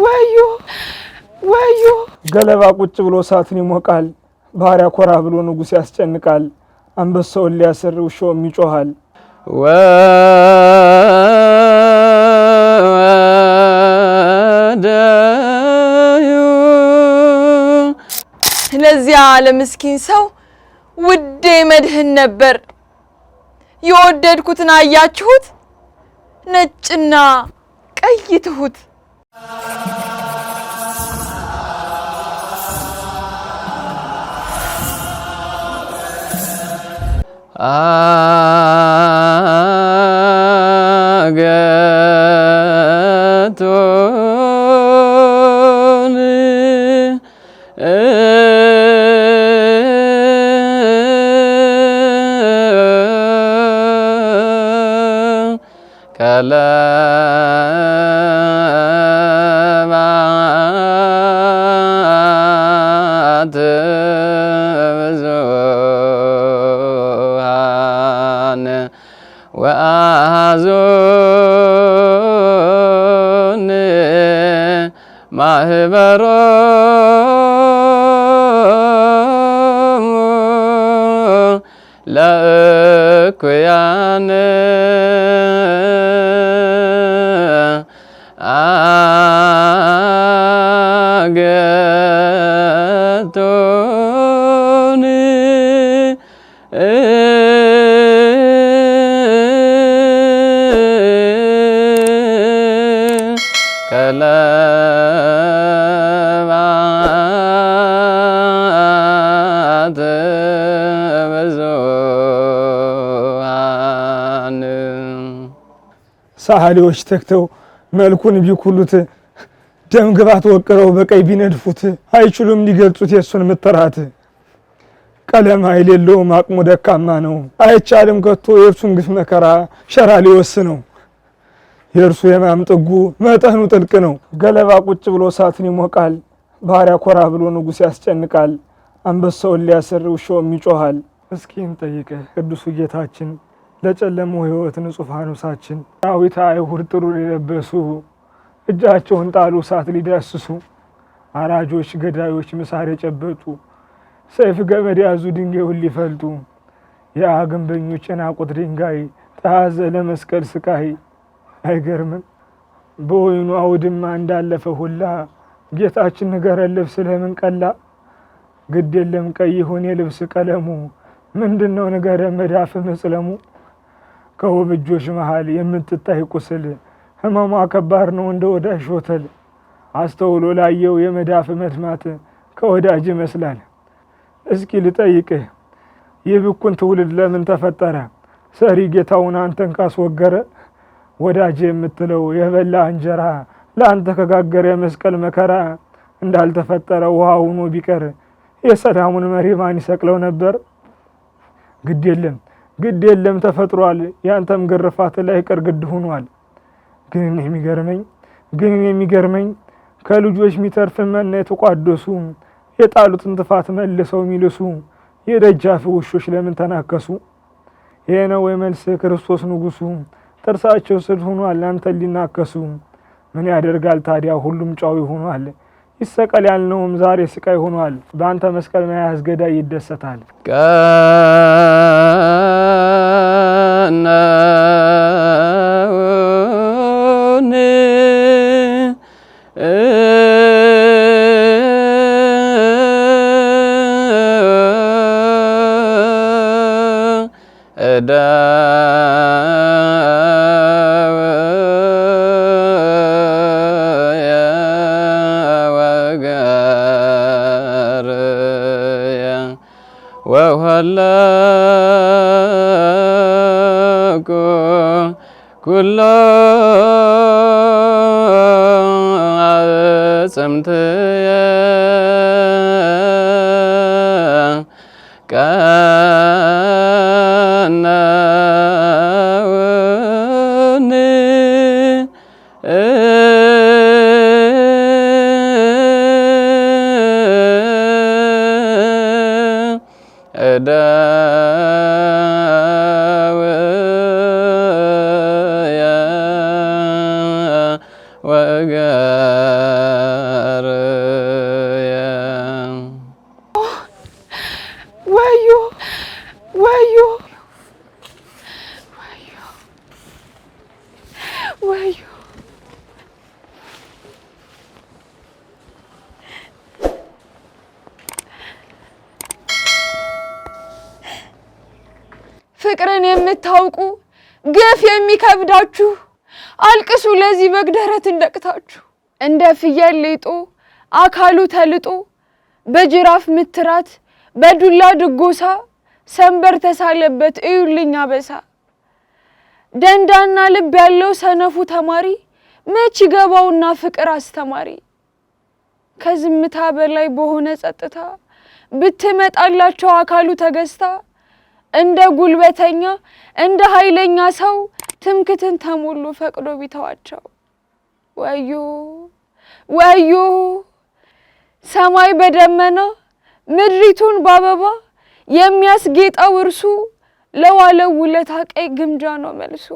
ወዮ ወዮ! ገለባ ቁጭ ብሎ እሳትን ይሞቃል። ባሪያ ኮራ ብሎ ንጉሥ ያስጨንቃል። አንበሳውን ሊያስር ውሻውም ይጮሃል። ለዚያ ለምስኪን ሰው ውዴ መድህን ነበር። የወደድኩትን አያችሁት፣ ነጭና ቀይ ትሁት আ ah. በሮ ለእኩያን አገቶን ከለ ሰዓሊዎች ተክተው መልኩን ቢኩሉት ደም ግባት ወቅረው በቀይ ቢነድፉት አይችሉም ሊገልጹት የእሱን ምትራት። ቀለም ኃይል አቅሙ ደካማ ነው። አይቻልም ከቶ የእርሱን ግፍ መከራ ሸራ ሊወስነው። የእርሱ የማምጥጉ መጠኑ ጥልቅ ነው። ገለባ ቁጭ ብሎ እሳትን ይሞቃል። ባሪያ ኮራ ብሎ ንጉሥ ያስጨንቃል። አንበሳውን ሊያስር ውሻውም ይጮሃል። እስኪን ጠይቀ ቅዱሱ ጌታችን ለጨለሙ ሕይወት ንጹሕ አኖሳችን ዳዊት አይሁድ ጥሩ የለበሱ እጃቸውን ጣሉ እሳት ሊዳስሱ አራጆች ገዳዮች ምሳር የጨበጡ ሰይፍ ገመድ ያዙ ድንጋዩን ሊፈልጡ ያ ግንበኞች የናቁት ድንጋይ ተያዘ ለመስቀል ስቃይ። አይገርምም በወይኑ አውድማ እንዳለፈ ሁላ ጌታችን ንገረ ልብስ ለምን ቀላ? ግድ የለም ቀይ ሆን የልብስ ቀለሙ ምንድነው ንገረ መዳፍ መጽለሙ ከውብ እጆች መሃል የምትታይ ቁስል ህመሟ ከባድ ነው እንደ ወዳጅ ሾተል አስተውሎ ላየው የመዳፍ መድማት ከወዳጅ ይመስላል። እስኪ ልጠይቅህ ይህ ብኩን ትውልድ ለምን ተፈጠረ? ሰሪ ጌታውን አንተን ካስወገረ ወዳጅ የምትለው የበላ እንጀራ ለአንተ ከጋገረ የመስቀል መከራ እንዳልተፈጠረ ውሃ ሆኖ ቢቀር የሰላሙን መሪ ማን ይሰቅለው ነበር? ግድ የለም ግድ የለም ተፈጥሯል። ያንተም ግርፋት ላይቀር ግድ ሆኗል። ግን የሚገርመኝ ግን የሚገርመኝ ከልጆች የሚተርፍ መና የተቋደሱ የጣሉትን ጥፋት መልሰው የሚልሱ የደጃፍ ውሾች ለምን ተናከሱ? ይሄ ነው ወይ መልስ ክርስቶስ ንጉሱ ጥርሳቸው ስል ሆኗል አንተ ሊናከሱ። ምን ያደርጋል ታዲያ ሁሉም ጨው ይሆኗል። ይሰቀል ያልነውም ዛሬ ስቃይ ሆኗል። በአንተ መስቀል መያዝ ገዳይ ይደሰታል። ቀና እዳ ኩሎ አጽምትየ ቀነውኒ እደ ሳታውቁ ግፍ የሚከብዳችሁ አልቅሱ ለዚህ በግ ደረት እንደቅታችሁ። እንደ ፍየል ሌጦ አካሉ ተልጦ በጅራፍ ምትራት በዱላ ድጎሳ ሰንበር ተሳለበት እዩልኝ አበሳ። ደንዳና ልብ ያለው ሰነፉ ተማሪ መች ገባውና ፍቅር አስተማሪ። ከዝምታ በላይ በሆነ ጸጥታ ብትመጣላቸው አካሉ ተገዝታ እንደ ጉልበተኛ እንደ ኃይለኛ ሰው ትምክትን ተሞሉ ፈቅዶ ቢተዋቸው ወዮ ወዮ ሰማይ በደመና ምድሪቱን በአበባ የሚያስጌጠው እርሱ ለዋለው ውለታ ቀይ ግምጃ ነው መልሱ።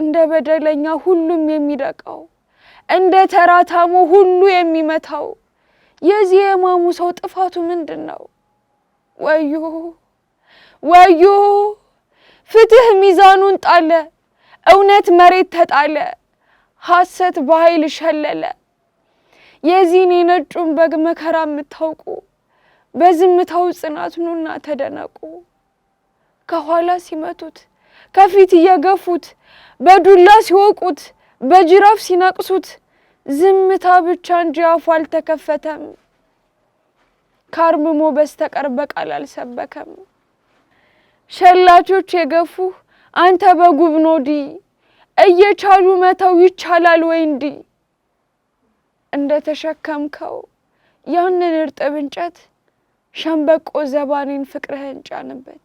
እንደ በደለኛ ሁሉም የሚደቃው እንደ ተራታሞ ሁሉ የሚመታው የዚህ የማሙ ሰው ጥፋቱ ምንድን ነው? ወዮ ወዮ ፍትህ ሚዛኑን ጣለ፣ እውነት መሬት ተጣለ፣ ሐሰት በኃይል ሸለለ። የዚህን የነጩን በግ መከራ የምታውቁ በዝምታው ጽናት ኑና ተደነቁ። ከኋላ ሲመቱት ከፊት እየገፉት በዱላ ሲወቁት በጅራፍ ሲነቅሱት ዝምታ ብቻ እንጂ አፉ አልተከፈተም። ከአርምሞ በስተቀር በቃል አልሰበከም። ሸላቾች የገፉ አንተ በጉብ ኖዲ እየቻሉ መተው ይቻላል ወይ እንዲ እንደ ተሸከምከው ያንን እርጥብ እንጨት ሸምበቆ ዘባኔን ፍቅርህን ጫንበት።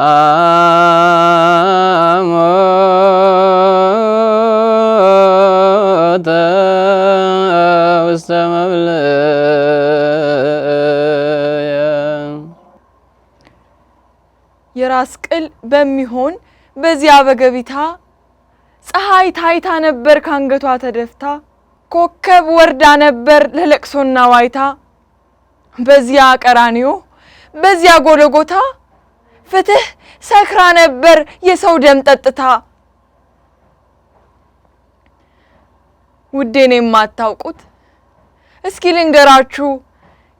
አሞተ ውስተ የራስ ቅል በሚሆን በዚያ በገቢታ ፀሐይ ታይታ ነበር ካንገቷ ተደፍታ ኮከብ ወርዳ ነበር ለለቅሶና ዋይታ በዚያ ቀራኒዮ በዚያ ጎለጎታ ፍትህ ሰክራ ነበር የሰው ደም ጠጥታ። ውዴን የማታውቁት እስኪ ልንገራችሁ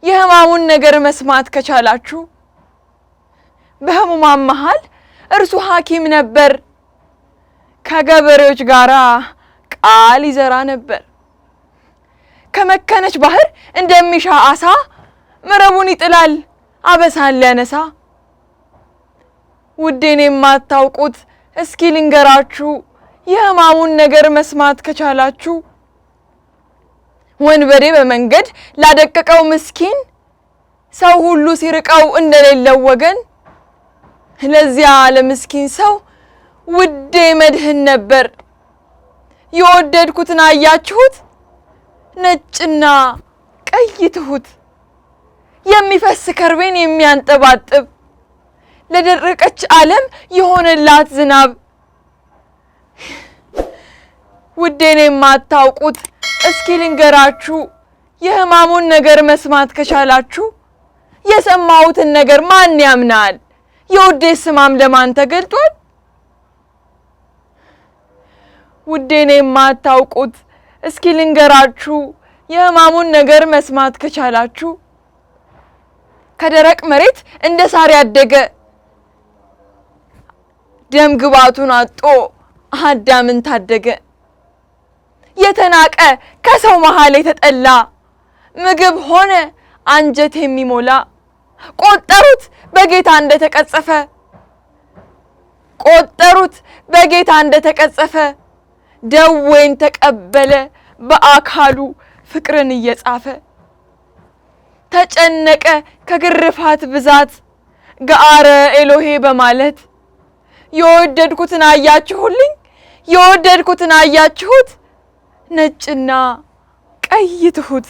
የሕማሙን ነገር መስማት ከቻላችሁ በሕሙማን መሀል እርሱ ሐኪም ነበር። ከገበሬዎች ጋር ቃል ይዘራ ነበር። ከመከነች ባህር እንደሚሻ አሳ መረቡን ይጥላል አበሳን ሊያነሳ ውዴን የማታውቁት እስኪ ልንገራችሁ። የህማሙን ነገር መስማት ከቻላችሁ ወንበዴ በመንገድ ላደቀቀው ምስኪን ሰው ሁሉ ሲርቀው እንደሌለው ወገን ለዚያ ለምስኪን ሰው ውዴ መድህን ነበር። የወደድኩትን አያችሁት ነጭና ቀይ ትሁት የሚፈስ ከርቤን የሚያንጠባጥብ ለደረቀች ዓለም የሆነላት ዝናብ ውዴን የማታውቁት እስኪ ልንገራችሁ። የህማሙን ነገር መስማት ከቻላችሁ የሰማሁትን ነገር ማን ያምናል? የውዴ ስማም ለማን ተገልጧል? ውዴን የማታውቁት እስኪ ልንገራችሁ። የህማሙን ነገር መስማት ከቻላችሁ ከደረቅ መሬት እንደ ሳር ያደገ ደም ግባቱን አጦ አዳምን ታደገ። የተናቀ ከሰው መሃል የተጠላ ምግብ ሆነ አንጀት የሚሞላ ቆጠሩት በጌታ እንደተቀጸፈ ቆጠሩት በጌታ እንደተቀጸፈ ደዌን ተቀበለ በአካሉ ፍቅርን እየጻፈ ተጨነቀ ከግርፋት ብዛት ገአረ ኤሎሄ በማለት የወደድኩትን አያችሁልኝ፣ የወደድኩትን አያችሁት፣ ነጭና ቀይ ትሁት